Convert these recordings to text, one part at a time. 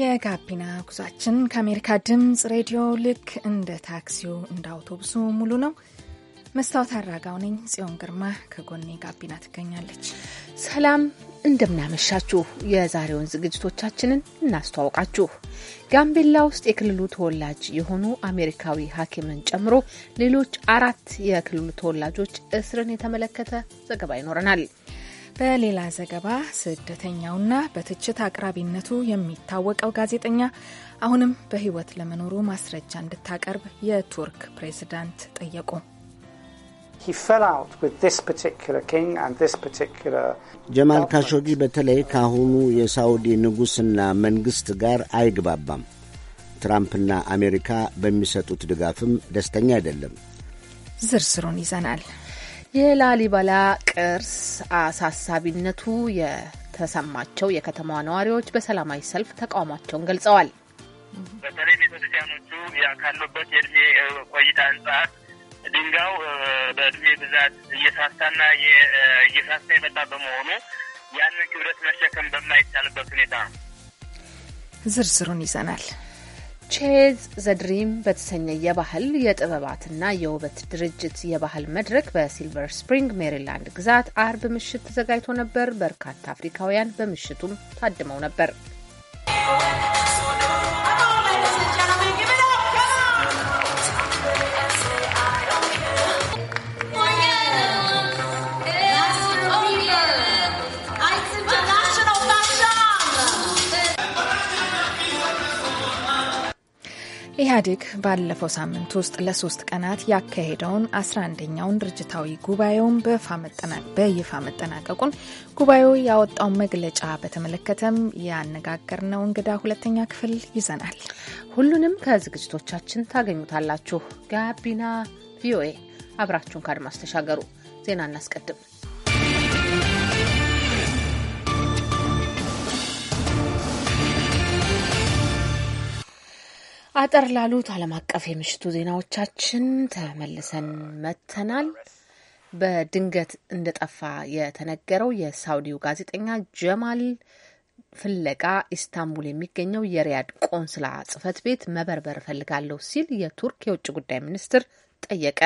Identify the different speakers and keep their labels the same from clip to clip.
Speaker 1: የጋቢና ጉዟችን ከአሜሪካ ድምፅ ሬዲዮ ልክ እንደ ታክሲው እንደ አውቶቡሱ ሙሉ ነው። መስታወት አራጋው ነኝ። ጽዮን ግርማ ከጎኔ ጋቢና ትገኛለች።
Speaker 2: ሰላም እንደምናመሻችሁ። የዛሬውን ዝግጅቶቻችንን እናስተዋውቃችሁ። ጋምቤላ ውስጥ የክልሉ ተወላጅ የሆኑ አሜሪካዊ ሐኪምን ጨምሮ ሌሎች አራት የክልሉ ተወላጆች እስርን
Speaker 1: የተመለከተ ዘገባ ይኖረናል። በሌላ ዘገባ ስደተኛውና በትችት አቅራቢነቱ የሚታወቀው ጋዜጠኛ አሁንም በሕይወት ለመኖሩ ማስረጃ እንድታቀርብ የቱርክ ፕሬዝዳንት ጠየቁ።
Speaker 3: ጀማል ካሾጊ በተለይ ከአሁኑ የሳውዲ ንጉሥና መንግሥት ጋር አይግባባም። ትራምፕና አሜሪካ በሚሰጡት ድጋፍም ደስተኛ አይደለም።
Speaker 1: ዝርዝሩን ይዘናል።
Speaker 2: የላሊበላ ቅርስ አሳሳቢነቱ የተሰማቸው የከተማዋ ነዋሪዎች በሰላማዊ ሰልፍ ተቃውሟቸውን ገልጸዋል።
Speaker 4: በተለይ ቤተክርስቲያኖቹ ካሉበት የእድሜ ቆይታ አንጻር ድንጋው በእድሜ ብዛት እየሳሳና እየሳሳ የመጣ በመሆኑ ያንን ክብደት መሸከም በማይቻልበት ሁኔታ ነው።
Speaker 1: ዝርዝሩን ይዘናል። ቼዝ ዘድሪም
Speaker 2: በተሰኘ የባህል የጥበባትና የውበት ድርጅት የባህል መድረክ በሲልቨር ስፕሪንግ ሜሪላንድ ግዛት አርብ ምሽት ተዘጋጅቶ ነበር። በርካታ አፍሪካውያን በምሽቱም ታድመው ነበር።
Speaker 1: ኢህአዴግ ባለፈው ሳምንት ውስጥ ለሶስት ቀናት ያካሄደውን 11ኛውን ድርጅታዊ ጉባኤውን በይፋ መጠናቀቁን ጉባኤው ያወጣውን መግለጫ በተመለከተም ያነጋገርነው እንግዳ ሁለተኛ ክፍል ይዘናል። ሁሉንም ከዝግጅቶቻችን
Speaker 2: ታገኙታላችሁ። ጋቢና ቪኦኤ አብራችሁን ከአድማስ ተሻገሩ። ዜና እናስቀድም። አጠር ላሉት ዓለም አቀፍ የምሽቱ ዜናዎቻችን ተመልሰን መጥተናል። በድንገት እንደጠፋ የተነገረው የሳውዲው ጋዜጠኛ ጀማል ፍለጋ ኢስታንቡል የሚገኘው የሪያድ ቆንስላ ጽፈት ቤት መበርበር እፈልጋለሁ ሲል የቱርክ የውጭ ጉዳይ ሚኒስትር ጠየቀ።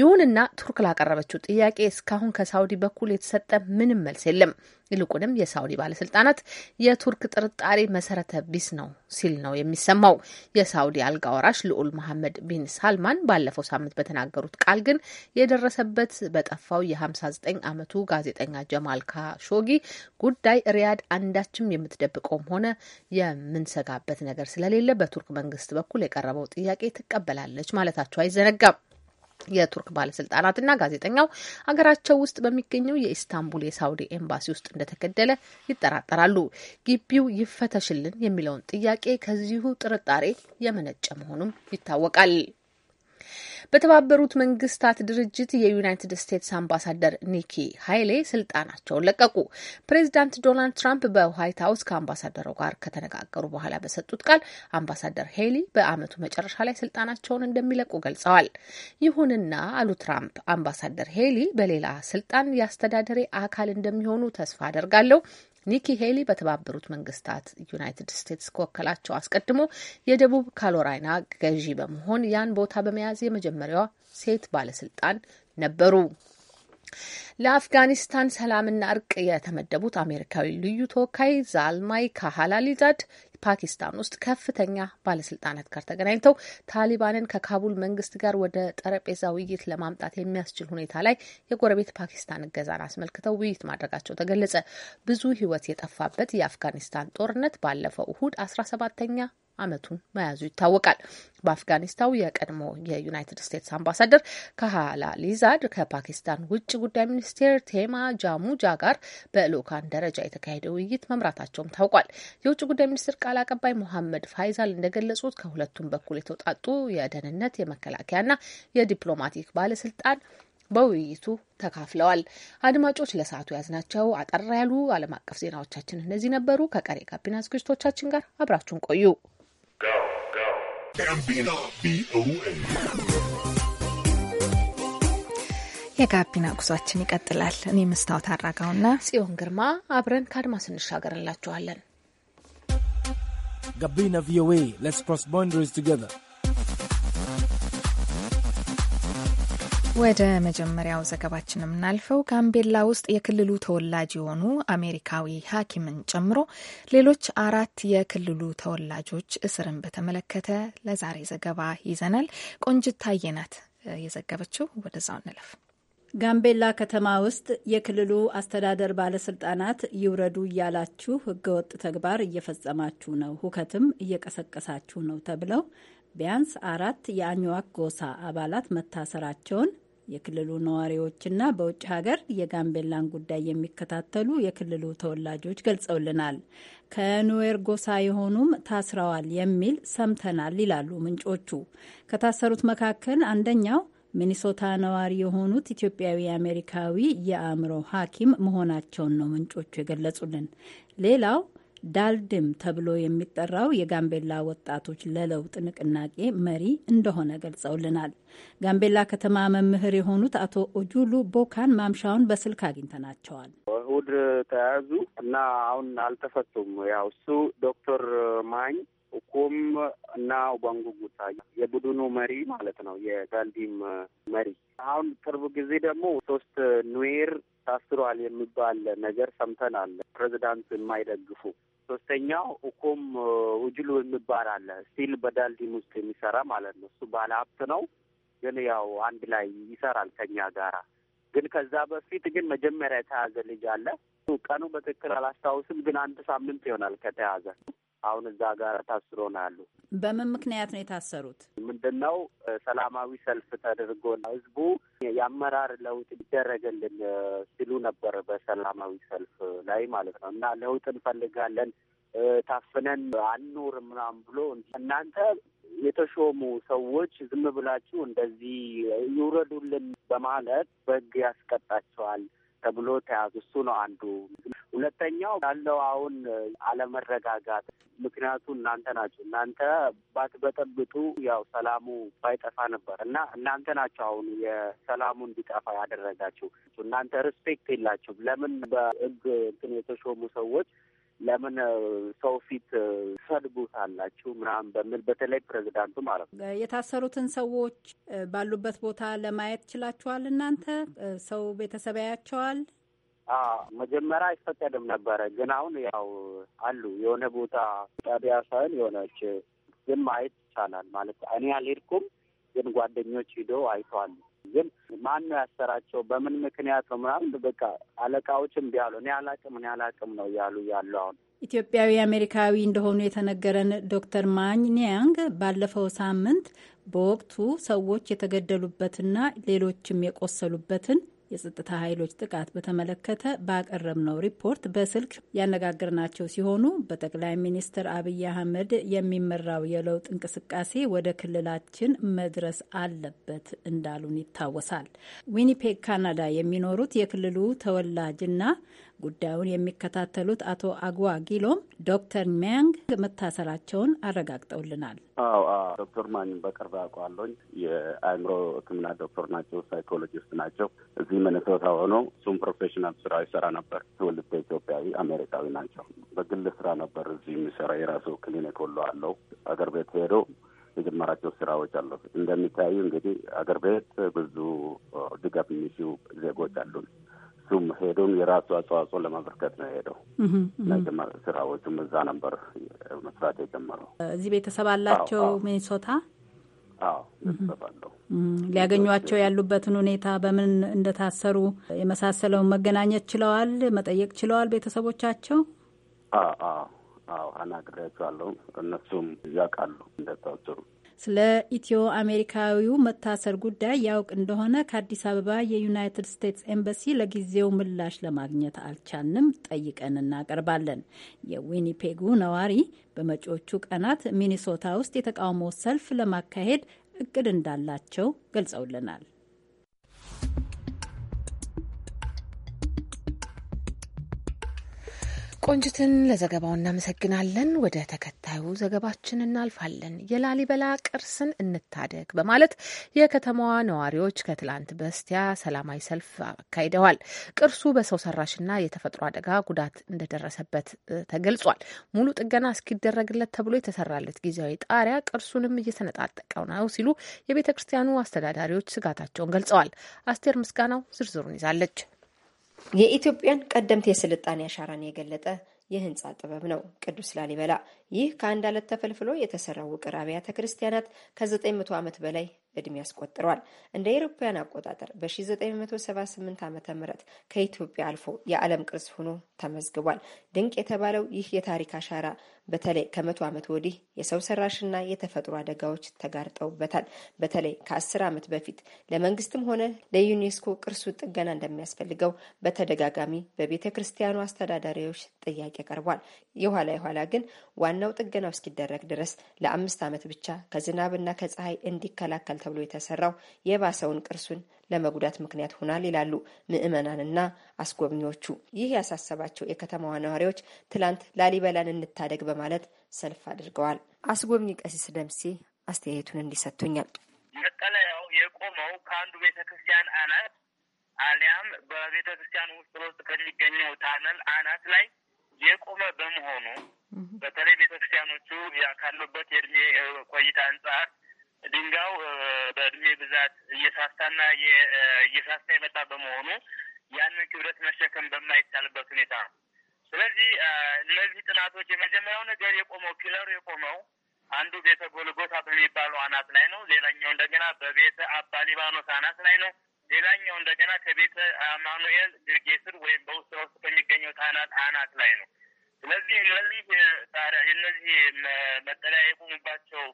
Speaker 2: ይሁንና ቱርክ ላቀረበችው ጥያቄ እስካሁን ከሳውዲ በኩል የተሰጠ ምንም መልስ የለም። ይልቁንም የሳውዲ ባለስልጣናት የቱርክ ጥርጣሬ መሰረተ ቢስ ነው ሲል ነው የሚሰማው። የሳውዲ አልጋ ወራሽ ልዑል መሐመድ ቢን ሳልማን ባለፈው ሳምንት በተናገሩት ቃል ግን የደረሰበት በጠፋው የ59 ዓመቱ ጋዜጠኛ ጀማል ካሾጊ ጉዳይ ሪያድ አንዳችም የምትደብቀውም ሆነ የምንሰጋበት ነገር ስለሌለ በቱርክ መንግስት በኩል የቀረበው ጥያቄ ትቀበላለች ማለታቸው አይዘነጋም። የቱርክ ባለስልጣናትና ጋዜጠኛው ሀገራቸው ውስጥ በሚገኘው የኢስታንቡል የሳውዲ ኤምባሲ ውስጥ እንደተገደለ ይጠራጠራሉ። ግቢው ይፈተሽልን የሚለውን ጥያቄ ከዚሁ ጥርጣሬ የመነጨ መሆኑም ይታወቃል። በተባበሩት መንግስታት ድርጅት የዩናይትድ ስቴትስ አምባሳደር ኒኪ ሀይሌ ስልጣናቸውን ለቀቁ። ፕሬዚዳንት ዶናልድ ትራምፕ በዋይት ሀውስ ከአምባሳደሩ ጋር ከተነጋገሩ በኋላ በሰጡት ቃል አምባሳደር ሄሊ በአመቱ መጨረሻ ላይ ስልጣናቸውን እንደሚለቁ ገልጸዋል። ይሁንና አሉ ትራምፕ አምባሳደር ሄሊ በሌላ ስልጣን የአስተዳደሬ አካል እንደሚሆኑ ተስፋ አደርጋለሁ ኒኪ ሄሊ በተባበሩት መንግስታት ዩናይትድ ስቴትስ ከወከላቸው አስቀድሞ የደቡብ ካሮላይና ገዢ በመሆን ያን ቦታ በመያዝ የመጀመሪያዋ ሴት ባለስልጣን ነበሩ። ለአፍጋኒስታን ሰላምና እርቅ የተመደቡት አሜሪካዊ ልዩ ተወካይ ዛልማይ ካሃላሊዛድ ፓኪስታን ውስጥ ከፍተኛ ባለስልጣናት ጋር ተገናኝተው ታሊባንን ከካቡል መንግስት ጋር ወደ ጠረጴዛ ውይይት ለማምጣት የሚያስችል ሁኔታ ላይ የጎረቤት ፓኪስታን እገዛን አስመልክተው ውይይት ማድረጋቸው ተገለጸ። ብዙ ሕይወት የጠፋበት የአፍጋኒስታን ጦርነት ባለፈው እሁድ አስራ ሰባተኛ ዓመቱን መያዙ ይታወቃል። በአፍጋኒስታው የቀድሞ የዩናይትድ ስቴትስ አምባሳደር ካህላ ሊዛድ ከፓኪስታን ውጭ ጉዳይ ሚኒስቴር ቴማ ጃሙጃ ጋር በልኡካን ደረጃ የተካሄደ ውይይት መምራታቸውም ታውቋል። የውጭ ጉዳይ ሚኒስትር ቃል አቀባይ ሞሐመድ ፋይዛል እንደገለጹት ከሁለቱም በኩል የተውጣጡ የደህንነት የመከላከያና የዲፕሎማቲክ ባለስልጣን በውይይቱ ተካፍለዋል። አድማጮች ለሰዓቱ ያዝናቸው አጠር ያሉ ዓለም አቀፍ ዜናዎቻችን እነዚህ ነበሩ። ከቀሪ ጋቢና ዝግጅቶቻችን ጋር አብራችሁን ቆዩ።
Speaker 4: ጋቢና ቪኦኤ
Speaker 1: የጋቢና ጉዟችን ይቀጥላል። እኔ መስታወት አራጋውና ጽዮን ግርማ አብረን ከአድማስ እንሻገርላችኋለን። ጋቢና ቪኦኤ ሌትስ ክሮስ ቦንደሪስ ቱጌዘር ወደ መጀመሪያው ዘገባችን የምናልፈው ጋምቤላ ውስጥ የክልሉ ተወላጅ የሆኑ አሜሪካዊ ሐኪምን ጨምሮ ሌሎች አራት የክልሉ ተወላጆች እስርን በተመለከተ ለዛሬ ዘገባ ይዘናል። ቆንጅት ታዬ የዘገበችው። ወደዛው እንለፍ። ጋምቤላ
Speaker 5: ከተማ ውስጥ የክልሉ አስተዳደር ባለስልጣናት ይውረዱ እያላችሁ ህገወጥ ተግባር እየፈጸማችሁ ነው፣ ሁከትም እየቀሰቀሳችሁ ነው ተብለው ቢያንስ አራት የአኝዋክ ጎሳ አባላት መታሰራቸውን የክልሉ ነዋሪዎችና በውጭ ሀገር የጋምቤላን ጉዳይ የሚከታተሉ የክልሉ ተወላጆች ገልጸውልናል። ከኑዌር ጎሳ የሆኑም ታስረዋል የሚል ሰምተናል ይላሉ ምንጮቹ። ከታሰሩት መካከል አንደኛው ሚኒሶታ ነዋሪ የሆኑት ኢትዮጵያዊ አሜሪካዊ የአእምሮ ሐኪም መሆናቸውን ነው ምንጮቹ የገለጹልን። ሌላው ዳልድም ተብሎ የሚጠራው የጋምቤላ ወጣቶች ለለውጥ ንቅናቄ መሪ እንደሆነ ገልጸውልናል። ጋምቤላ ከተማ መምህር የሆኑት አቶ ኦጁሉ ቦካን ማምሻውን በስልክ አግኝተናቸዋል።
Speaker 6: እሁድ ተያዙ እና አሁን አልተፈቱም። ያው እሱ ዶክተር ማኝ ኩም እና ጉታ የቡድኑ መሪ ማለት ነው። የጋልዲም መሪ አሁን ቅርብ ጊዜ ደግሞ ሶስት ኑዌር ታስሯል የሚባል ነገር ሰምተናል። ፕሬዚዳንት የማይደግፉ ሶስተኛው እኮም ውጅሉ የሚባል አለ ስቲል በዳልዲን ውስጥ የሚሰራ ማለት ነው። እሱ ባለ ሀብት ነው፣ ግን ያው አንድ ላይ ይሰራል ከኛ ጋራ። ግን ከዛ በፊት ግን መጀመሪያ የተያዘ ልጅ አለ። ቀኑ በትክክል አላስታውስም፣ ግን አንድ ሳምንት ይሆናል ከተያዘ አሁን እዛ ጋር ታስሮ ነው ያሉ።
Speaker 5: በምን ምክንያት ነው የታሰሩት?
Speaker 6: ምንድን ነው ሰላማዊ ሰልፍ ተደርጎ ህዝቡ የአመራር ለውጥ ይደረግልን ሲሉ ነበር በሰላማዊ ሰልፍ ላይ ማለት ነው። እና ለውጥ እንፈልጋለን ታፍነን አንኑር ምናምን ብሎ እናንተ የተሾሙ ሰዎች ዝም ብላችሁ እንደዚህ ይውረዱልን በማለት በህግ ያስቀጣቸዋል ተብሎ ተያዙ። እሱ ነው አንዱ። ሁለተኛው ያለው አሁን አለመረጋጋት ምክንያቱ እናንተ ናችሁ። እናንተ ባትበጠብጡ ያው ሰላሙ ባይጠፋ ነበር እና እናንተ ናችሁ አሁን የሰላሙ እንዲጠፋ ያደረጋችሁ። እናንተ ሪስፔክት የላችሁም። ለምን በህግ እንትን የተሾሙ ሰዎች ለምን ሰው ፊት ሰድቡታላችሁ ምናምን በሚል በተለይ ፕሬዚዳንቱ ማለት
Speaker 5: ነው የታሰሩትን ሰዎች ባሉበት ቦታ ለማየት ችላችኋል እናንተ ሰው ቤተሰብ
Speaker 6: ያያቸዋል መጀመሪያ አይፈቀድም ነበረ ግን አሁን ያው አሉ የሆነ ቦታ ጣቢያ ሳይሆን የሆነች ግን ማየት ይቻላል ማለት እኔ አልሄድኩም ግን ጓደኞች ሂዶ አይተዋል ግን ማን ነው ያሰራቸው? በምን ምክንያት ነው ምናምን በቃ አለቃዎች እምቢ አሉ። እኔ አላቅም እኔ አላቅም ነው እያሉ ያሉ አሁን
Speaker 1: ኢትዮጵያዊ
Speaker 5: አሜሪካዊ እንደሆኑ የተነገረን ዶክተር ማኝ ኒያንግ ባለፈው ሳምንት በወቅቱ ሰዎች የተገደሉበትና ሌሎችም የቆሰሉበትን የጸጥታ ኃይሎች ጥቃት በተመለከተ ባቀረብነው ሪፖርት በስልክ ያነጋገርናቸው ሲሆኑ በጠቅላይ ሚኒስትር አብይ አህመድ የሚመራው የለውጥ እንቅስቃሴ ወደ ክልላችን መድረስ አለበት እንዳሉን ይታወሳል። ዊኒፔግ ካናዳ የሚኖሩት የክልሉ ተወላጅና ጉዳዩን የሚከታተሉት አቶ አግዋ ጊሎም ዶክተር ሚያንግ መታሰራቸውን አረጋግጠውልናል።
Speaker 6: አዎ ዶክተር ማኝም በቅርብ አውቃለሁኝ። የአእምሮ ሕክምና ዶክተር ናቸው፣ ሳይኮሎጂስት ናቸው። እዚህ መነሶታ ሆኖ እሱም ፕሮፌሽናል ስራ ይሰራ ነበር። ትውልድ ኢትዮጵያዊ አሜሪካዊ ናቸው። በግል ስራ ነበር እዚህ የሚሰራ የራሱ ክሊኒክ ሁሉ አለው። አገር ቤት ሄዶ የጀመራቸው ስራዎች አሉ። እንደሚታዩ እንግዲህ አገር ቤት ብዙ ድጋፍ የሚሹ ዜጎች አሉን። እሱም ሄዶም የራሱ አስተዋጽኦ ለማበርከት ነው የሄደው እና ስራዎቹም እዛ ነበር መስራት የጀመረው። እዚህ ቤተሰብ አላቸው
Speaker 5: ሚኒሶታ።
Speaker 7: አዎ
Speaker 6: ቤተሰብ አለው። ሊያገኟቸው
Speaker 5: ያሉበትን ሁኔታ በምን እንደታሰሩ የመሳሰለውን መገናኘት ችለዋል፣ መጠየቅ ችለዋል ቤተሰቦቻቸው።
Speaker 6: አዎ አዎ አዎ አናግሬያቸዋለሁ። እነሱም ቃሉ እንደታሰሩ
Speaker 5: ስለ ኢትዮ አሜሪካዊው መታሰር ጉዳይ ያውቅ እንደሆነ ከአዲስ አበባ የዩናይትድ ስቴትስ ኤምባሲ ለጊዜው ምላሽ ለማግኘት አልቻልንም። ጠይቀን እናቀርባለን። የዊኒፔጉ ነዋሪ በመጪዎቹ ቀናት ሚኒሶታ ውስጥ የተቃውሞ ሰልፍ ለማካሄድ እቅድ እንዳላቸው ገልጸውልናል።
Speaker 2: ቆንጅትን ለዘገባው እናመሰግናለን። ወደ ተከታዩ ዘገባችን እናልፋለን። የላሊበላ ቅርስን እንታደግ በማለት የከተማዋ ነዋሪዎች ከትላንት በስቲያ ሰላማዊ ሰልፍ አካሂደዋል። ቅርሱ በሰው ሰራሽና የተፈጥሮ አደጋ ጉዳት እንደደረሰበት ተገልጿል። ሙሉ ጥገና እስኪደረግለት ተብሎ የተሰራለት ጊዜያዊ ጣሪያ ቅርሱንም እየተነጣጠቀው ነው ሲሉ የቤተ ክርስቲያኑ አስተዳዳሪዎች ስጋታቸውን ገልጸዋል። አስቴር ምስጋናው ዝርዝሩን ይዛለች። የኢትዮጵያን ቀደምት የስልጣኔ አሻራን የገለጠ የህንፃ ጥበብ ነው
Speaker 8: ቅዱስ ላሊበላ። ይህ ከአንድ አለት ተፈልፍሎ የተሰራው ውቅር አብያተ ክርስቲያናት ከ900 ዓመት በላይ እድሜ ያስቆጥሯል እንደ አውሮፓውያን አቆጣጠር በ1978 ዓ ም ከኢትዮጵያ አልፎ የዓለም ቅርስ ሆኖ ተመዝግቧል። ድንቅ የተባለው ይህ የታሪክ አሻራ በተለይ ከመቶ ዓመት ወዲህ የሰው ሰራሽና የተፈጥሮ አደጋዎች ተጋርጠውበታል። በተለይ ከአስር ዓመት በፊት ለመንግስትም ሆነ ለዩኔስኮ ቅርሱ ጥገና እንደሚያስፈልገው በተደጋጋሚ በቤተ ክርስቲያኑ አስተዳዳሪዎች ጥያቄ ቀርቧል። የኋላ የኋላ ግን ዋናው ጥገናው እስኪደረግ ድረስ ለአምስት ዓመት ብቻ ከዝናብና ከፀሐይ እንዲከላከል ተብሎ የተሰራው የባሰውን ቅርሱን ለመጉዳት ምክንያት ሆናል ይላሉ ምዕመናንና አስጎብኚዎቹ። ይህ ያሳሰባቸው የከተማዋ ነዋሪዎች ትላንት ላሊበላን እንታደግ በማለት ሰልፍ አድርገዋል። አስጎብኚ ቀሲስ ደምሴ አስተያየቱን እንዲሰጡኛል።
Speaker 4: መጠለያው የቆመው ከአንዱ ቤተ ክርስቲያን አናት አሊያም በቤተ ክርስቲያን ውስጥ ለውስጥ ከሚገኘው ታነል አናት ላይ የቆመ በመሆኑ በተለይ ቤተ ክርስቲያኖቹ ካሉበት የእድሜ ቆይታ አንጻር ድንጋዩ በእድሜ ብዛት እየሳስታና እየሳስታ የመጣ በመሆኑ ያንን ክብደት መሸከም በማይቻልበት ሁኔታ ነው። ስለዚህ እነዚህ ጥናቶች የመጀመሪያው ነገር የቆመው ፒለሩ የቆመው አንዱ ቤተ ጎልጎታ በሚባለው አናት ላይ ነው። ሌላኛው እንደገና በቤተ አባ ሊባኖስ አናት ላይ ነው። ሌላኛው እንደገና ከቤተ አማኑኤል ግርጌ ስር ወይም በውስጥ ውስጥ በሚገኘው ታናት አናት ላይ ነው። ስለዚህ እነዚህ ታዲያ እነዚህ መጠለያ የቆሙባቸው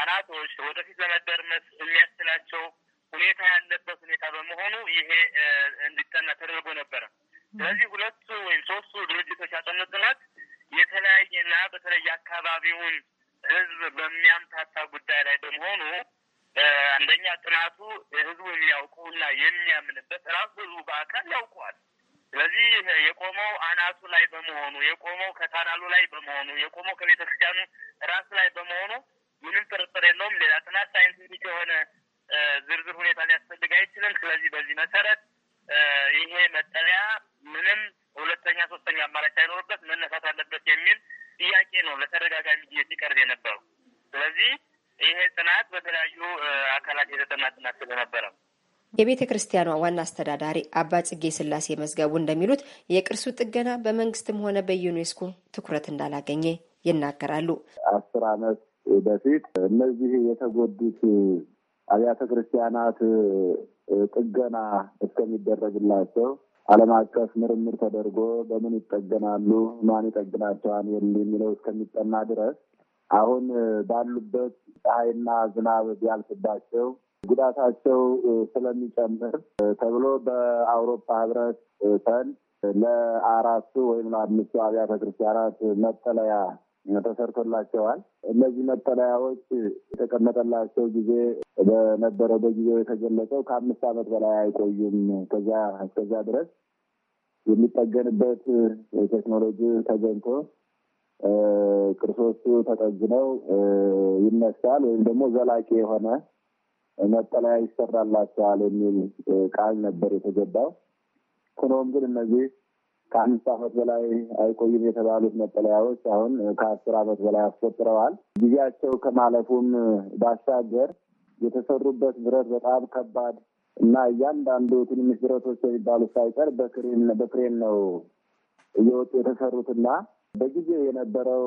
Speaker 4: አናቶች ወደፊት ለመደርመስ የሚያስችላቸው ሁኔታ ያለበት ሁኔታ በመሆኑ ይሄ እንዲጠና ተደርጎ ነበረ። ስለዚህ ሁለቱ ወይም ሶስቱ ድርጅቶች ያጠኑ ጥናት የተለያየና በተለይ አካባቢውን ህዝብ በሚያምታታ ጉዳይ ላይ በመሆኑ አንደኛ ጥናቱ ህዝቡ የሚያውቀውና የሚያምንበት ራሱ ህዝቡ በአካል ያውቀዋል። ስለዚህ የቆመው አናቱ ላይ በመሆኑ የቆመው ከታናሉ ላይ በመሆኑ የቆመው ከቤተ ክርስቲያኑ ራስ ላይ በመሆኑ ምንም ጥርጥር የለውም። ሌላ ጥናት ሳይንቲፊክ የሆነ ዝርዝር ሁኔታ ሊያስፈልግ አይችልም። ስለዚህ በዚህ መሰረት ይሄ መጠለያ ምንም ሁለተኛ ሶስተኛ አማራጭ ሳይኖርበት መነሳት አለበት የሚል ጥያቄ ነው ለተደጋጋሚ ጊዜ ሲቀርብ የነበረው። ስለዚህ ይሄ ጥናት በተለያዩ አካላት የተጠና ጥናት ስለነበረ
Speaker 8: የቤተ ክርስቲያኗ ዋና አስተዳዳሪ አባ ጽጌ ስላሴ መዝገቡ እንደሚሉት የቅርሱ ጥገና በመንግስትም ሆነ በዩኔስኮ ትኩረት እንዳላገኘ
Speaker 9: ይናገራሉ። አስር አመት በፊት እነዚህ የተጎዱት አብያተ ክርስቲያናት ጥገና እስከሚደረግላቸው ዓለም አቀፍ ምርምር ተደርጎ በምን ይጠገናሉ፣ ማን ይጠግናቸዋል የሚለው እስከሚጠና ድረስ አሁን ባሉበት ፀሐይና ዝናብ ቢያልፍባቸው ጉዳታቸው ስለሚጨምር ተብሎ በአውሮፓ ሕብረት ፈንድ ለአራቱ ወይም ለአምስቱ አብያተ ክርስቲያናት መጠለያ ተሰርቶላቸዋል። እነዚህ መጠለያዎች የተቀመጠላቸው ጊዜ በነበረው በጊዜው የተገለጸው ከአምስት ዓመት በላይ አይቆዩም። ከዛ እስከዚያ ድረስ የሚጠገንበት ቴክኖሎጂ ተገኝቶ ቅርሶቹ ተጠግነው ይነሳል ወይም ደግሞ ዘላቂ የሆነ መጠለያ ይሰራላቸዋል የሚል ቃል ነበር የተገባው። ሆኖም ግን እነዚህ ከአምስት ዓመት በላይ አይቆይም የተባሉት መጠለያዎች አሁን ከአስር አመት በላይ አስቆጥረዋል። ጊዜያቸው ከማለፉም ባሻገር የተሰሩበት ብረት በጣም ከባድ እና እያንዳንዱ ትንንሽ ብረቶች የሚባሉት ሳይቀር በክሬን ነው እየወጡ የተሰሩትና በጊዜው የነበረው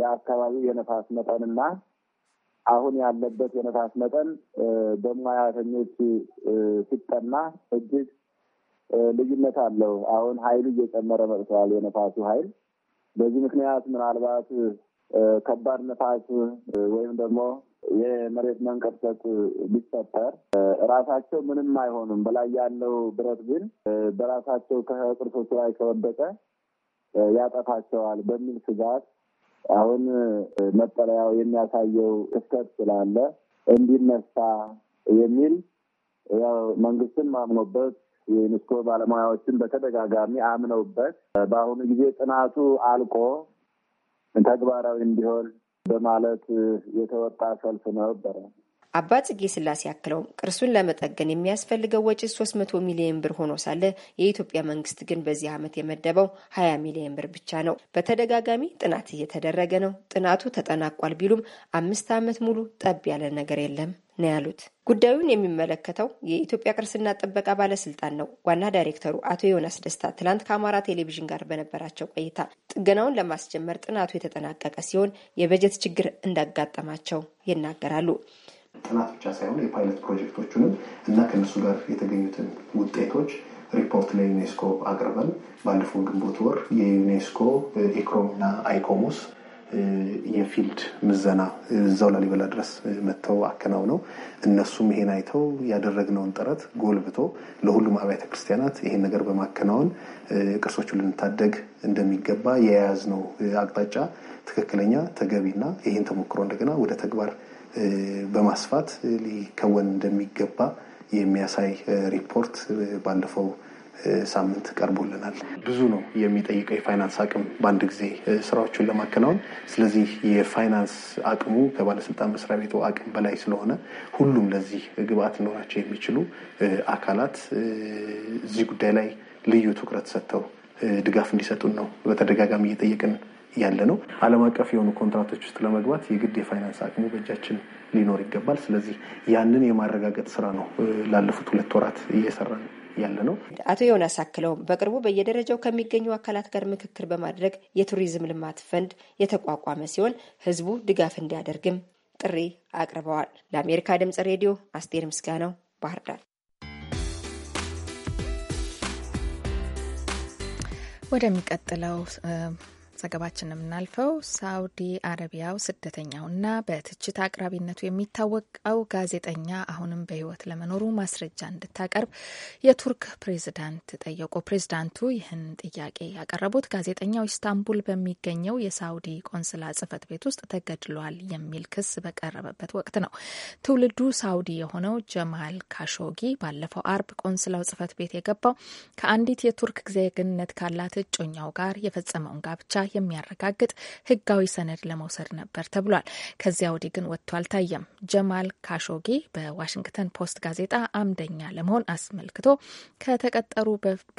Speaker 9: የአካባቢው የነፋስ መጠንና አሁን ያለበት የነፋስ መጠን በሙያተኞች ሲጠና እጅግ ልዩነት አለው። አሁን ኃይሉ እየጨመረ መጥተዋል፣ የነፋሱ ኃይል። በዚህ ምክንያት ምናልባት ከባድ ነፋስ ወይም ደግሞ የመሬት መንቀጥቀጥ ቢፈጠር ራሳቸው ምንም አይሆኑም። በላይ ያለው ብረት ግን በራሳቸው ከቅርሶቹ ላይ ከወደቀ ያጠፋቸዋል በሚል ስጋት አሁን መጠለያው የሚያሳየው ክፍተት ስላለ እንዲነሳ የሚል ያው መንግስትም አምኖበት የዩኒስኮ ባለሙያዎችን በተደጋጋሚ አምነውበት በአሁኑ ጊዜ ጥናቱ አልቆ ተግባራዊ እንዲሆን በማለት የተወጣ ሰልፍ ነበረ።
Speaker 8: አባ ጽጌ ስላሴ ያክለውም ቅርሱን ለመጠገን የሚያስፈልገው ወጪ 300 ሚሊዮን ብር ሆኖ ሳለ የኢትዮጵያ መንግስት ግን በዚህ ዓመት የመደበው 20 ሚሊዮን ብር ብቻ ነው። በተደጋጋሚ ጥናት እየተደረገ ነው፣ ጥናቱ ተጠናቋል ቢሉም አምስት ዓመት ሙሉ ጠብ ያለ ነገር የለም ነው ያሉት። ጉዳዩን የሚመለከተው የኢትዮጵያ ቅርስና ጥበቃ ባለስልጣን ነው። ዋና ዳይሬክተሩ አቶ ዮናስ ደስታ ትናንት ከአማራ ቴሌቪዥን ጋር በነበራቸው ቆይታ ጥገናውን ለማስጀመር ጥናቱ የተጠናቀቀ ሲሆን የበጀት ችግር እንዳጋጠማቸው ይናገራሉ።
Speaker 10: ጥናት ብቻ ሳይሆን የፓይለት ፕሮጀክቶቹንም እና ከነሱ ጋር የተገኙትን ውጤቶች ሪፖርት ለዩኔስኮ አቅርበን ባለፈው ግንቦት ወር የዩኔስኮ ኤክሮም እና አይኮሞስ የፊልድ ምዘና እዛው ላሊበላ ድረስ መጥተው አከናውነው እነሱም ይሄን አይተው ያደረግነውን ጥረት ጎልብቶ ለሁሉም አብያተ ክርስቲያናት ይሄን ነገር በማከናወን ቅርሶቹን ልንታደግ እንደሚገባ የያዝነው አቅጣጫ ትክክለኛ ተገቢና ይህን ተሞክሮ እንደገና ወደ ተግባር በማስፋት ሊከወን እንደሚገባ የሚያሳይ ሪፖርት ባለፈው ሳምንት ቀርቦልናል። ብዙ ነው የሚጠይቀው የፋይናንስ አቅም በአንድ ጊዜ ስራዎቹን ለማከናወን። ስለዚህ የፋይናንስ አቅሙ ከባለስልጣን መስሪያ ቤቱ አቅም በላይ ስለሆነ ሁሉም ለዚህ ግብአት ሊኖራቸው የሚችሉ አካላት እዚህ ጉዳይ ላይ ልዩ ትኩረት ሰጥተው ድጋፍ እንዲሰጡን ነው በተደጋጋሚ እየጠየቅን ያለ ነው። ዓለም አቀፍ የሆኑ ኮንትራክቶች ውስጥ ለመግባት የግድ የፋይናንስ አቅሙ በእጃችን ሊኖር ይገባል። ስለዚህ ያንን የማረጋገጥ ስራ ነው ላለፉት ሁለት ወራት እየሰራ ነው ያለ ነው።
Speaker 8: አቶ ዮናስ አክለውም በቅርቡ በየደረጃው ከሚገኙ አካላት ጋር ምክክር በማድረግ የቱሪዝም ልማት ፈንድ የተቋቋመ ሲሆን ህዝቡ ድጋፍ እንዲያደርግም ጥሪ አቅርበዋል። ለአሜሪካ ድምጽ ሬዲዮ አስቴር ምስጋናው ባህር ዳር።
Speaker 1: ወደሚቀጥለው ዘገባችን የምናልፈው ሳውዲ አረቢያው ስደተኛውና በትችት አቅራቢነቱ የሚታወቀው ጋዜጠኛ አሁንም በሕይወት ለመኖሩ ማስረጃ እንድታቀርብ የቱርክ ፕሬዝዳንት ጠየቁ። ፕሬዝዳንቱ ይህን ጥያቄ ያቀረቡት ጋዜጠኛው ኢስታንቡል በሚገኘው የሳውዲ ቆንስላ ጽህፈት ቤት ውስጥ ተገድሏል የሚል ክስ በቀረበበት ወቅት ነው። ትውልዱ ሳውዲ የሆነው ጀማል ካሾጊ ባለፈው አርብ ቆንስላው ጽፈት ቤት የገባው ከአንዲት የቱርክ ዜግነት ካላት እጮኛው ጋር የፈጸመውን ጋብቻ የሚያረጋግጥ ህጋዊ ሰነድ ለመውሰድ ነበር ተብሏል። ከዚያ ወዲህ ግን ወጥቶ አልታየም። ጀማል ካሾጊ በዋሽንግተን ፖስት ጋዜጣ አምደኛ ለመሆን አስመልክቶ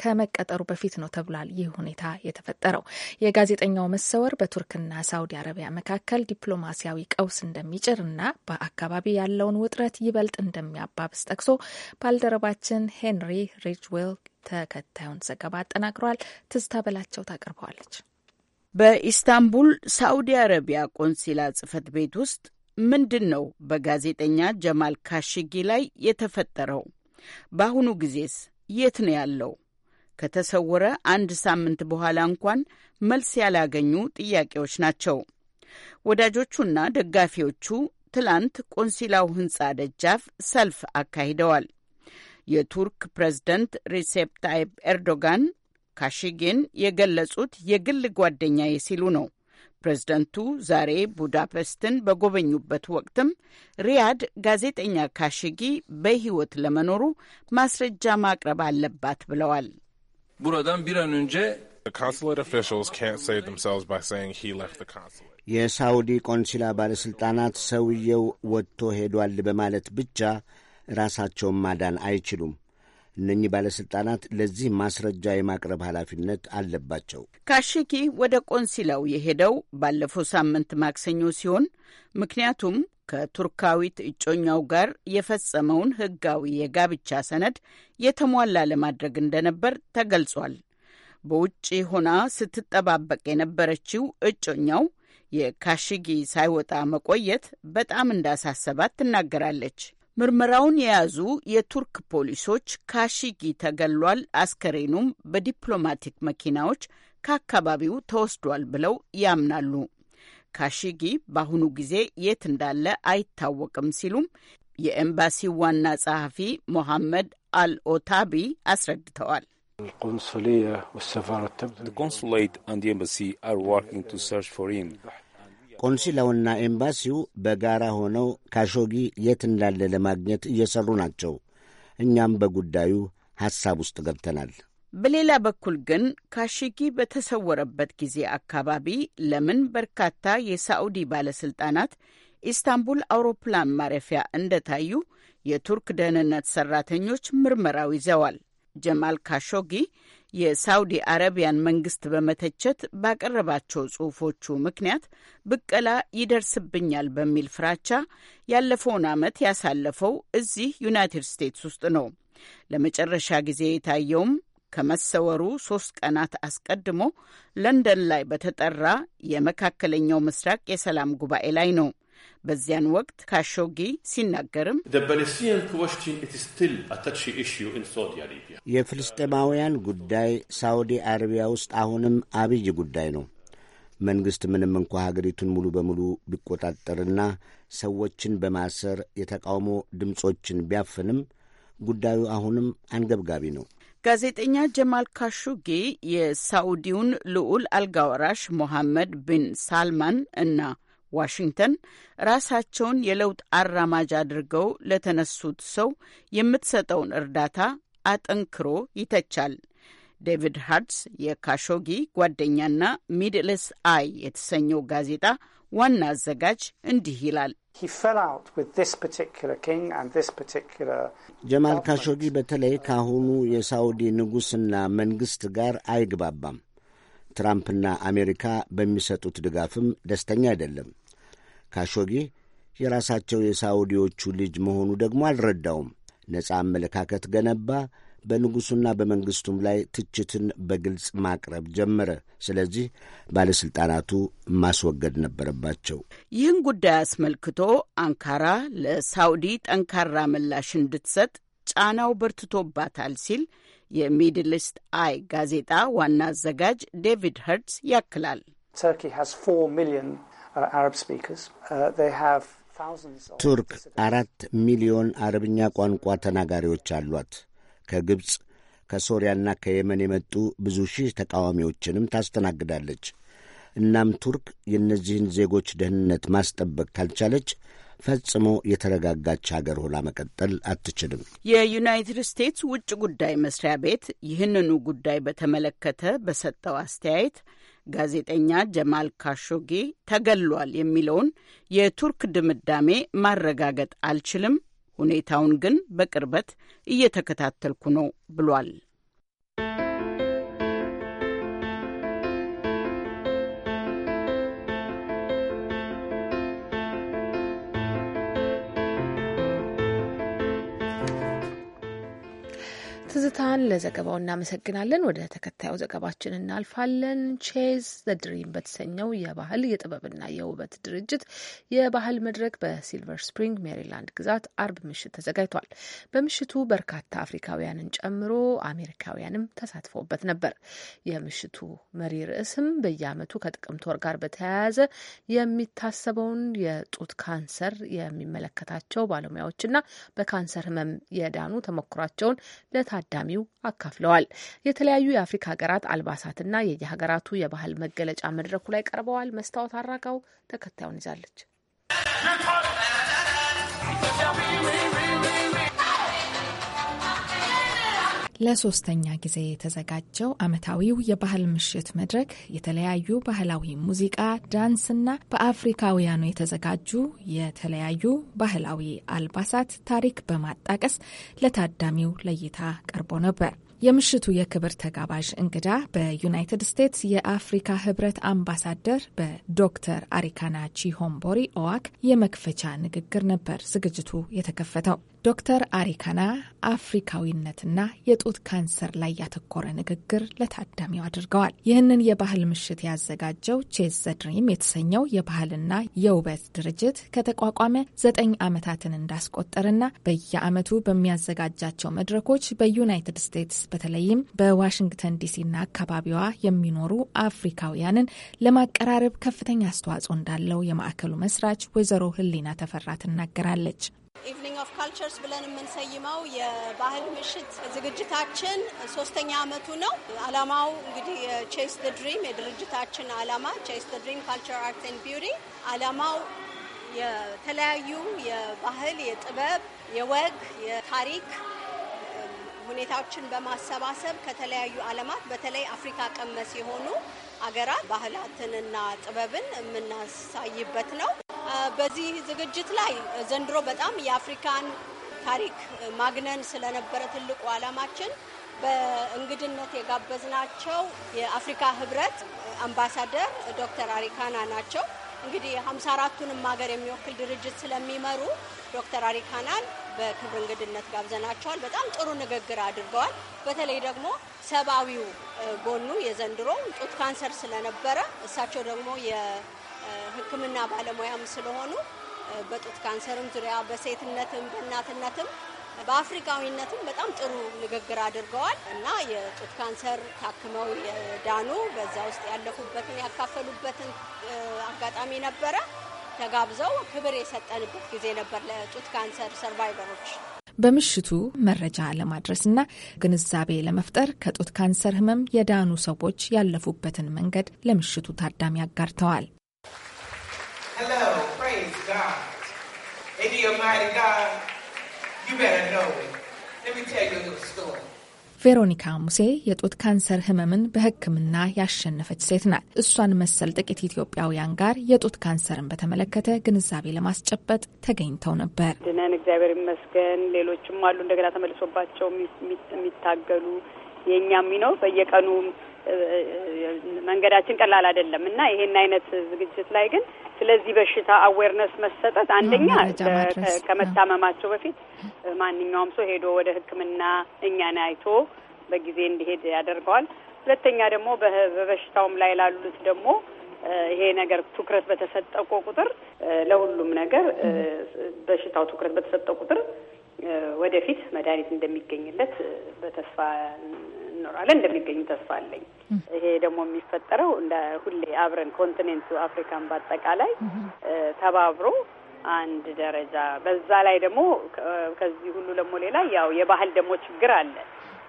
Speaker 1: ከመቀጠሩ በፊት ነው ተብሏል ይህ ሁኔታ የተፈጠረው። የጋዜጠኛው መሰወር በቱርክና ሳውዲ አረቢያ መካከል ዲፕሎማሲያዊ ቀውስ እንደሚጭር እና በአካባቢ ያለውን ውጥረት ይበልጥ እንደሚያባብስ ጠቅሶ ባልደረባችን ሄንሪ ሪጅዌል ተከታዩን ዘገባ አጠናቅሯል። ትዝታ በላቸው ታቀርበዋለች።
Speaker 11: በኢስታንቡል ሳዑዲ አረቢያ ቆንሲላ ጽህፈት ቤት ውስጥ ምንድን ነው በጋዜጠኛ ጀማል ካሽጊ ላይ የተፈጠረው? በአሁኑ ጊዜስ የት ነው ያለው? ከተሰወረ አንድ ሳምንት በኋላ እንኳን መልስ ያላገኙ ጥያቄዎች ናቸው። ወዳጆቹና ደጋፊዎቹ ትላንት ቆንሲላው ህንፃ ደጃፍ ሰልፍ አካሂደዋል። የቱርክ ፕሬዝደንት ሪሴፕ ታይፕ ኤርዶጋን ካሽጊን የገለጹት የግል ጓደኛዬ ሲሉ ነው። ፕሬዝደንቱ ዛሬ ቡዳፔስትን በጎበኙበት ወቅትም ሪያድ ጋዜጠኛ ካሽጊ በሕይወት ለመኖሩ ማስረጃ ማቅረብ አለባት ብለዋል።
Speaker 3: የሳውዲ ቆንሲላ ባለሥልጣናት ሰውየው ወጥቶ ሄዷል በማለት ብቻ ራሳቸውን ማዳን አይችሉም። እነኚህ ባለሥልጣናት ለዚህ ማስረጃ የማቅረብ ኃላፊነት አለባቸው።
Speaker 11: ካሽኪ ወደ ቆንሲላው የሄደው ባለፈው ሳምንት ማክሰኞ ሲሆን ምክንያቱም ከቱርካዊት እጮኛው ጋር የፈጸመውን ሕጋዊ የጋብቻ ሰነድ የተሟላ ለማድረግ እንደነበር ተገልጿል። በውጭ ሆና ስትጠባበቅ የነበረችው እጮኛው የካሽጊ ሳይወጣ መቆየት በጣም እንዳሳሰባት ትናገራለች። ምርመራውን የያዙ የቱርክ ፖሊሶች ካሺጊ ተገሏል፣ አስከሬኑም በዲፕሎማቲክ መኪናዎች ከአካባቢው ተወስዷል ብለው ያምናሉ። ካሺጊ በአሁኑ ጊዜ የት እንዳለ አይታወቅም ሲሉም የኤምባሲው ዋና ጸሐፊ ሞሐመድ አልኦታቢ አስረድተዋል።
Speaker 10: ሂም
Speaker 3: ቆንሲላውና ኤምባሲው በጋራ ሆነው ካሾጊ የት እንዳለ ለማግኘት እየሰሩ ናቸው። እኛም በጉዳዩ ሐሳብ ውስጥ ገብተናል።
Speaker 11: በሌላ በኩል ግን ካሺጊ በተሰወረበት ጊዜ አካባቢ ለምን በርካታ የሳዑዲ ባለሥልጣናት ኢስታንቡል አውሮፕላን ማረፊያ እንደታዩ የቱርክ ደህንነት ሰራተኞች ምርመራው ይዘዋል። ጀማል ካሾጊ የሳውዲ አረቢያን መንግስት በመተቸት ባቀረባቸው ጽሁፎቹ ምክንያት ብቀላ ይደርስብኛል በሚል ፍራቻ ያለፈውን ዓመት ያሳለፈው እዚህ ዩናይትድ ስቴትስ ውስጥ ነው። ለመጨረሻ ጊዜ የታየውም ከመሰወሩ ሶስት ቀናት አስቀድሞ ለንደን ላይ በተጠራ የመካከለኛው ምስራቅ የሰላም ጉባኤ ላይ ነው። በዚያን ወቅት ካሾጊ ሲናገርም
Speaker 3: የፍልስጤማውያን ጉዳይ ሳውዲ አረቢያ ውስጥ አሁንም አብይ ጉዳይ ነው። መንግሥት ምንም እንኳ ሀገሪቱን ሙሉ በሙሉ ቢቆጣጠርና ሰዎችን በማሰር የተቃውሞ ድምፆችን ቢያፍንም ጉዳዩ አሁንም አንገብጋቢ ነው።
Speaker 11: ጋዜጠኛ ጀማል ካሹጌ የሳዑዲውን ልዑል አልጋወራሽ ሞሐመድ ቢን ሳልማን እና ዋሽንግተን ራሳቸውን የለውጥ አራማጅ አድርገው ለተነሱት ሰው የምትሰጠውን እርዳታ አጠንክሮ ይተቻል። ዴቪድ ሃርትስ የካሾጊ ጓደኛና ሚድልስ አይ የተሰኘው ጋዜጣ ዋና አዘጋጅ እንዲህ ይላል።
Speaker 3: ጀማል ካሾጊ በተለይ ከአሁኑ የሳውዲ ንጉሥና መንግሥት ጋር አይግባባም። ትራምፕና አሜሪካ በሚሰጡት ድጋፍም ደስተኛ አይደለም። ካሾጌ የራሳቸው የሳውዲዎቹ ልጅ መሆኑ ደግሞ አልረዳውም። ነጻ አመለካከት ገነባ። በንጉሡና በመንግሥቱም ላይ ትችትን በግልጽ ማቅረብ ጀመረ። ስለዚህ ባለሥልጣናቱ ማስወገድ ነበረባቸው።
Speaker 11: ይህን ጉዳይ አስመልክቶ አንካራ ለሳውዲ ጠንካራ ምላሽ እንድትሰጥ ጫናው በርትቶባታል ሲል የሚድል ኢስት አይ ጋዜጣ ዋና አዘጋጅ ዴቪድ ኸርትዝ ያክላል። ቱርኪ ሃዝ ፎር ሚሊዮን
Speaker 6: ቱርክ
Speaker 3: አራት ሚሊዮን አረብኛ ቋንቋ ተናጋሪዎች አሏት። ከግብፅ ከሶሪያና ከየመን የመጡ ብዙ ሺህ ተቃዋሚዎችንም ታስተናግዳለች። እናም ቱርክ የእነዚህን ዜጎች ደህንነት ማስጠበቅ ካልቻለች ፈጽሞ የተረጋጋች ሀገር ሆና መቀጠል አትችልም።
Speaker 11: የዩናይትድ ስቴትስ ውጭ ጉዳይ መስሪያ ቤት ይህንኑ ጉዳይ በተመለከተ በሰጠው አስተያየት ጋዜጠኛ ጀማል ካሾጌ ተገሏል የሚለውን የቱርክ ድምዳሜ ማረጋገጥ አልችልም፣ ሁኔታውን ግን በቅርበት እየተከታተልኩ ነው ብሏል።
Speaker 2: ትዝታን ለዘገባው እናመሰግናለን። ወደ ተከታዩ ዘገባችን እናልፋለን። ቼዝ ዘ ድሪም በተሰኘው የባህል የጥበብና የውበት ድርጅት የባህል መድረክ በሲልቨር ስፕሪንግ ሜሪላንድ ግዛት አርብ ምሽት ተዘጋጅቷል። በምሽቱ በርካታ አፍሪካውያንን ጨምሮ አሜሪካውያንም ተሳትፈውበት ነበር። የምሽቱ መሪ ርዕስም በየዓመቱ ከጥቅምት ወር ጋር በተያያዘ የሚታሰበውን የጡት ካንሰር የሚመለከታቸው ባለሙያዎችና በካንሰር ህመም የዳኑ ተሞክሯቸውን ለታዳ ለታዳሚው አካፍለዋል። የተለያዩ የአፍሪካ ሀገራት አልባሳትና የየሀገራቱ የባህል መገለጫ መድረኩ ላይ ቀርበዋል። መስታወት አራጋው
Speaker 1: ተከታዩን ይዛለች። ለሶስተኛ ጊዜ የተዘጋጀው ዓመታዊው የባህል ምሽት መድረክ የተለያዩ ባህላዊ ሙዚቃ፣ ዳንስና በአፍሪካውያኑ የተዘጋጁ የተለያዩ ባህላዊ አልባሳት ታሪክ በማጣቀስ ለታዳሚው ለእይታ ቀርቦ ነበር። የምሽቱ የክብር ተጋባዥ እንግዳ በዩናይትድ ስቴትስ የአፍሪካ ሕብረት አምባሳደር በዶክተር አሪካና ቺሆምቦሪ ኦዋክ የመክፈቻ ንግግር ነበር ዝግጅቱ የተከፈተው። ዶክተር አሪካና አፍሪካዊነትና የጡት ካንሰር ላይ ያተኮረ ንግግር ለታዳሚው አድርገዋል። ይህንን የባህል ምሽት ያዘጋጀው ቼዝ ዘድሪም የተሰኘው የባህልና የውበት ድርጅት ከተቋቋመ ዘጠኝ ዓመታትን እንዳስቆጠርና በየዓመቱ በሚያዘጋጃቸው መድረኮች በዩናይትድ ስቴትስ በተለይም በዋሽንግተን ዲሲና አካባቢዋ የሚኖሩ አፍሪካውያንን ለማቀራረብ ከፍተኛ አስተዋጽኦ እንዳለው የማዕከሉ መስራች ወይዘሮ ህሊና ተፈራ ትናገራለች።
Speaker 12: ኢቭኒንግ ኦፍ ካልቸርስ ብለን የምንሰይመው የባህል ምሽት ዝግጅታችን ሶስተኛ ዓመቱ ነው። አላማው እንግዲህ ቼስ ደ ድሪም የድርጅታችን አላማ ቼስ ደ ድሪም ካልቸር አርት ኤንድ ቢውቲ አላማው የተለያዩ የባህል፣ የጥበብ፣ የወግ፣ የታሪክ ሁኔታዎችን በማሰባሰብ ከተለያዩ አለማት በተለይ አፍሪካ ቀመስ የሆኑ አገራት ባህላትንና ጥበብን የምናሳይበት ነው። በዚህ ዝግጅት ላይ ዘንድሮ በጣም የአፍሪካን ታሪክ ማግነን ስለነበረ ትልቁ ዓላማችን በእንግድነት የጋበዝናቸው የአፍሪካ ህብረት አምባሳደር ዶክተር አሪካና ናቸው። እንግዲህ ሀምሳ አራቱንም ሀገር የሚወክል ድርጅት ስለሚመሩ ዶክተር አሪካናን በክብር እንግድነት ጋብዘናቸዋል። በጣም ጥሩ ንግግር አድርገዋል። በተለይ ደግሞ ሰብአዊው ጎኑ የዘንድሮ ጡት ካንሰር ስለነበረ እሳቸው ደግሞ የሕክምና ባለሙያም ስለሆኑ በጡት ካንሰርም ዙሪያ በሴትነትም በእናትነትም በአፍሪካዊነትም በጣም ጥሩ ንግግር አድርገዋል እና የጡት ካንሰር ታክመው የዳኑ በዛ ውስጥ ያለፉበትን ያካፈሉበትን አጋጣሚ ነበረ። ተጋብዘው ክብር የሰጠንበት ጊዜ ነበር ለጡት ካንሰር ሰርቫይቨሮች።
Speaker 1: በምሽቱ መረጃ ለማድረስና ግንዛቤ ለመፍጠር ከጡት ካንሰር ህመም የዳኑ ሰዎች ያለፉበትን መንገድ ለምሽቱ ታዳሚ አጋርተዋል። Hello, ቬሮኒካ ሙሴ የጡት ካንሰር ህመምን በሕክምና ያሸነፈች ሴት ናት። እሷን መሰል ጥቂት ኢትዮጵያውያን ጋር የጡት ካንሰርን በተመለከተ ግንዛቤ ለማስጨበጥ ተገኝተው ነበር።
Speaker 7: ድነን እግዚአብሔር ይመስገን። ሌሎችም አሉ እንደገና ተመልሶባቸው የሚታገሉ የእኛ ነው በየቀኑ መንገዳችን ቀላል አይደለም እና ይሄን አይነት ዝግጅት ላይ ግን ስለዚህ በሽታ አዌርነስ መሰጠት አንደኛ ከመታመማቸው በፊት ማንኛውም ሰው ሄዶ ወደ ሕክምና እኛን አይቶ በጊዜ እንዲሄድ ያደርገዋል። ሁለተኛ ደግሞ በበሽታውም ላይ ላሉት ደግሞ ይሄ ነገር ትኩረት በተሰጠቆ ቁጥር ለሁሉም ነገር በሽታው ትኩረት በተሰጠው ቁጥር ወደፊት መድኃኒት እንደሚገኝለት በተስፋ እንኖራለን እንደሚገኙ ተስፋ አለኝ። ይሄ ደግሞ የሚፈጠረው እንደ ሁሌ አብረን ኮንቲኔንቱ አፍሪካን በአጠቃላይ ተባብሮ አንድ ደረጃ በዛ ላይ ደግሞ ከዚህ ሁሉ ደግሞ ሌላ ያው የባህል ደግሞ ችግር አለ።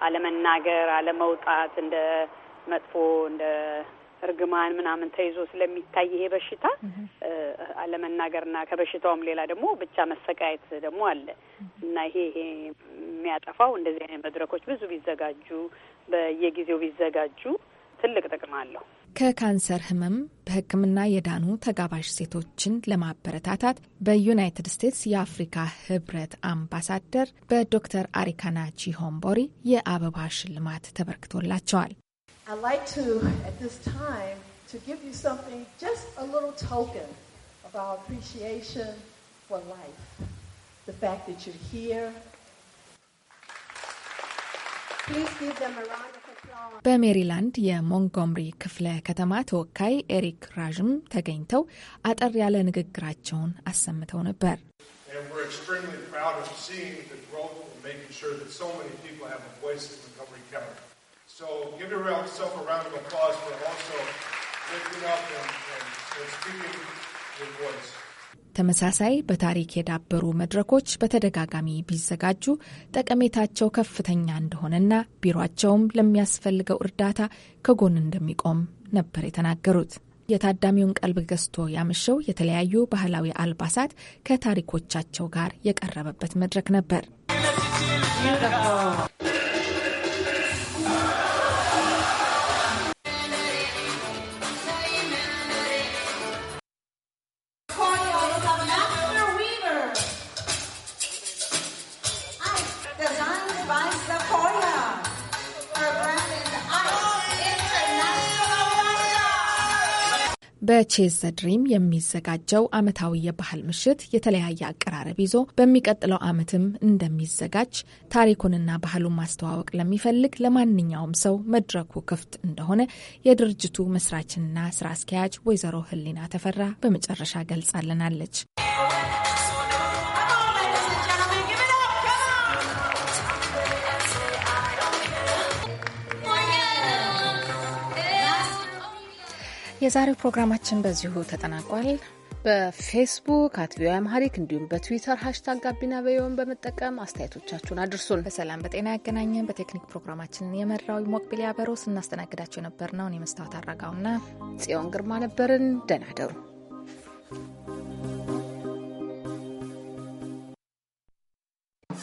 Speaker 7: አለመናገር፣ አለመውጣት እንደ መጥፎ እንደ እርግማን ምናምን ተይዞ ስለሚታይ ይሄ በሽታ አለመናገርና ከበሽታውም ሌላ ደግሞ ብቻ መሰቃየት ደግሞ አለ እና ይሄ ይሄ የሚያጠፋው እንደዚህ አይነት መድረኮች ብዙ ቢዘጋጁ፣ በየጊዜው ቢዘጋጁ ትልቅ ጥቅም አለው።
Speaker 1: ከካንሰር ህመም በሕክምና የዳኑ ተጋባዥ ሴቶችን ለማበረታታት በዩናይትድ ስቴትስ የአፍሪካ ህብረት አምባሳደር በዶክተር አሪካና ቺሆምቦሪ የአበባ ሽልማት ተበርክቶላቸዋል።
Speaker 12: I would like to, at this time, to give you something, just a little token of our appreciation for life. The fact that you're here. Please give them a round of applause.
Speaker 1: በሜሪላንድ የሞንጎምሪ ክፍለ ከተማ ተወካይ ኤሪክ ራዥም ተገኝተው አጠር ያለ ንግግራቸውን አሰምተው ነበር።
Speaker 4: And we're extremely proud of seeing
Speaker 3: the growth and making sure that so many people have a voice in Montgomery County. So give yourself a round of applause for also lifting up and, and, and speaking
Speaker 11: your voice.
Speaker 1: ተመሳሳይ በታሪክ የዳበሩ መድረኮች በተደጋጋሚ ቢዘጋጁ ጠቀሜታቸው ከፍተኛ እንደሆነና ቢሮቸውም ለሚያስፈልገው እርዳታ ከጎን እንደሚቆም ነበር የተናገሩት። የታዳሚውን ቀልብ ገዝቶ ያመሸው የተለያዩ ባህላዊ አልባሳት ከታሪኮቻቸው ጋር የቀረበበት መድረክ ነበር። በቼዝ ዘድሪም የሚዘጋጀው አመታዊ የባህል ምሽት የተለያየ አቀራረብ ይዞ በሚቀጥለው ዓመትም እንደሚዘጋጅ ታሪኩንና ባህሉን ማስተዋወቅ ለሚፈልግ ለማንኛውም ሰው መድረኩ ክፍት እንደሆነ የድርጅቱ መስራችና ስራ አስኪያጅ ወይዘሮ ህሊና ተፈራ በመጨረሻ ገልጻልናለች። የዛሬው ፕሮግራማችን በዚሁ ተጠናቋል። በፌስቡክ አት ቪኦኤ አምሃሪክ እንዲሁም በትዊተር ሀሽታግ ጋቢና ቪኦኤን በመጠቀም አስተያየቶቻችሁን አድርሱን። በሰላም በጤና ያገናኘን። በቴክኒክ ፕሮግራማችንን የመራው ሞቅቢል ያበሮ፣ ስናስተናግዳቸው የነበርነውን የመስታወት አረጋውና ጽዮን ግርማ ነበርን።
Speaker 2: ደህና ደሩ።